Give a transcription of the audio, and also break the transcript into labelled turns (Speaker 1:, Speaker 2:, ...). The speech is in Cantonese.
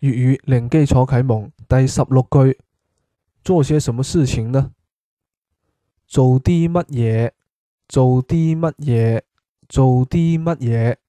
Speaker 1: 粵語零基礎啟蒙第十六句，做些什麼事情呢？做啲乜嘢？做啲乜嘢？
Speaker 2: 做啲乜嘢？